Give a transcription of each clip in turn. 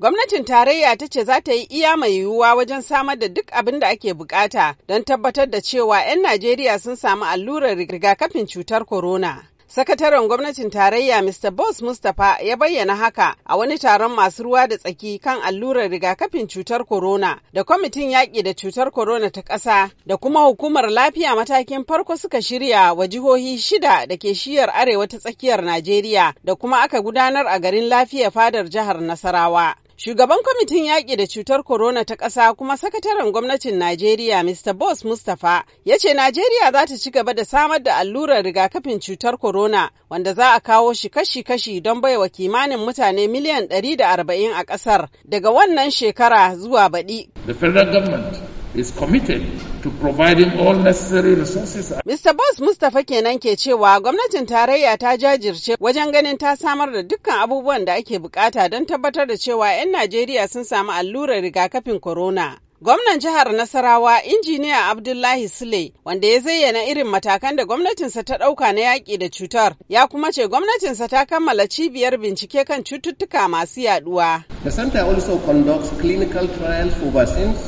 Gwamnatin tarayya ta ce za ta yi iya mai yiwuwa wajen samar da duk abin da ake bukata don tabbatar da cewa 'yan Najeriya sun samu allurar rigakafin cutar corona. Sakataren gwamnatin tarayya Mr. Boss Mustapha ya bayyana haka a wani taron masu ruwa da tsaki kan allurar rigakafin cutar corona da kwamitin yaƙi da cutar corona ta ƙasa da kuma hukumar lafiya matakin farko suka shirya wa jihohi shida da ke shiyar arewa ta tsakiyar Najeriya da kuma aka gudanar a garin lafiya fadar jihar Nasarawa. Shugaban kwamitin yaƙi da cutar corona ta ƙasa kuma sakataren gwamnatin Najeriya Mr. Boss Mustapha ya ce Najeriya za ta ci gaba da samar da allurar rigakafin cutar corona wanda za a kawo shi kashi-kashi don baiwa kimanin mutane miliyan 140 a ƙasar daga wannan shekara zuwa baɗi. The federal government is committed to providing all necessary resources. Mr. Boss Mustapha kenan ke cewa gwamnatin tarayya ta jajirce wajen ganin ta samar da dukkan abubuwan da ake bukata don tabbatar da cewa 'yan Najeriya sun samu allurar rigakafin corona. Gwamnan jihar Nasarawa, injiniya Abdullahi Sule, wanda ya zayyana irin matakan da gwamnatinsa ta ɗauka na yaƙi da cutar, ya kuma ce gwamnatinsa ta kammala cibiyar bincike kan cututtuka masu yaduwa. The center also conducts clinical trials for vaccines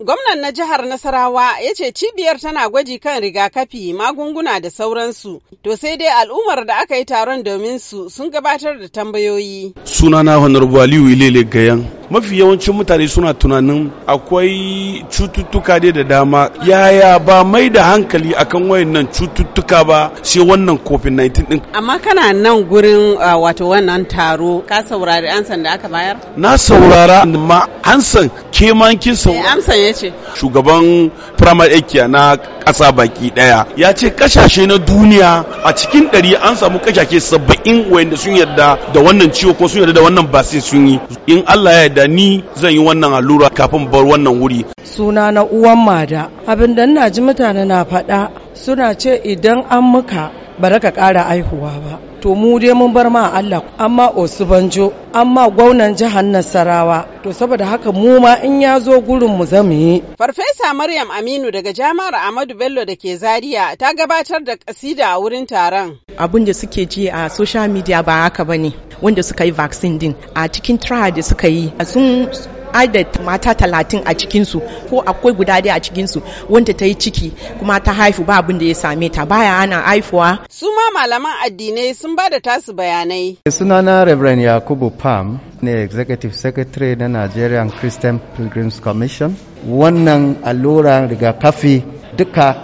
Gwamnan na jihar Nasarawa ya ce cibiyar tana gwaji kan rigakafi magunguna da sauransu. To sai dai al'ummar da aka yi taron domin su sun gabatar da tambayoyi. Sunana Honorable Aliyu Ilele Gayan mafi yawancin mutane suna tunanin akwai cututtuka dai da dama yaya ba mai da hankali akan wayannan cututtuka ba sai wannan covid-19 din amma kana nan gurin ah, wato wannan taro ka saurari ansan da aka bayar na saurara ma ansan ke kin saurara amsan yace shugaban primary na ƙasa baki ɗaya ya ce kashashe na duniya a cikin ɗari an samu kashashe saba'in wayanda sun yarda da wannan ciwo ko sun yarda da wannan basin sun yi in Allah ya yarda ni zan yi wannan allura kafin bar wannan wuri suna na uwan mada abin da ina ji mutane na faɗa suna ce idan an muka ba ka kara aihuwa ba to mu dai mun bar ma Allah amma Osubanjo amma gwaunan jihar Nasarawa to saboda haka mu ma in ya zo gurin mu zamu yi Farfesa Maryam Aminu daga Jami'ar Ahmadu Bello da ke Zaria ta gabatar da kasida a wurin taron abin da suke ji a social media ba haka bane wanda suka yi vaccine din a cikin trial da suka yi sun da mata talatin a cikinsu ko akwai guda daya a cikinsu wanda ta yi ciki kuma ta haifu ba abin da ya same ta baya ana haifuwa. su ma malaman addinai sun ba da tasu bayanai. sunana reverend yakubu pam ne executive secretary na nigerian christian pilgrims commission wannan alluran rigakafi duka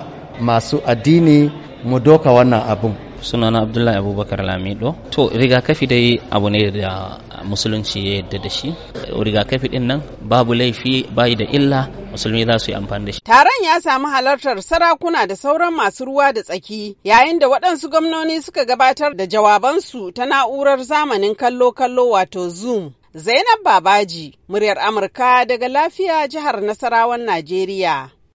masu addini mu doka wannan abin sunana abdullahi abubakar lamido to rigakafi dai abu ne da musulunci ya yadda da shi rigakafi din nan babu laifi bayi da illa musulmi za su yi amfani da shi. Taron ya sami halartar sarakuna da sauran masu ruwa da tsaki yayin da waɗansu gwamnoni suka gabatar da jawabansu ta na'urar zamanin kallo-kallo wato Zoom. Zainab Babaji, muryar Amurka daga lafiya jihar Nasarawan Najeriya.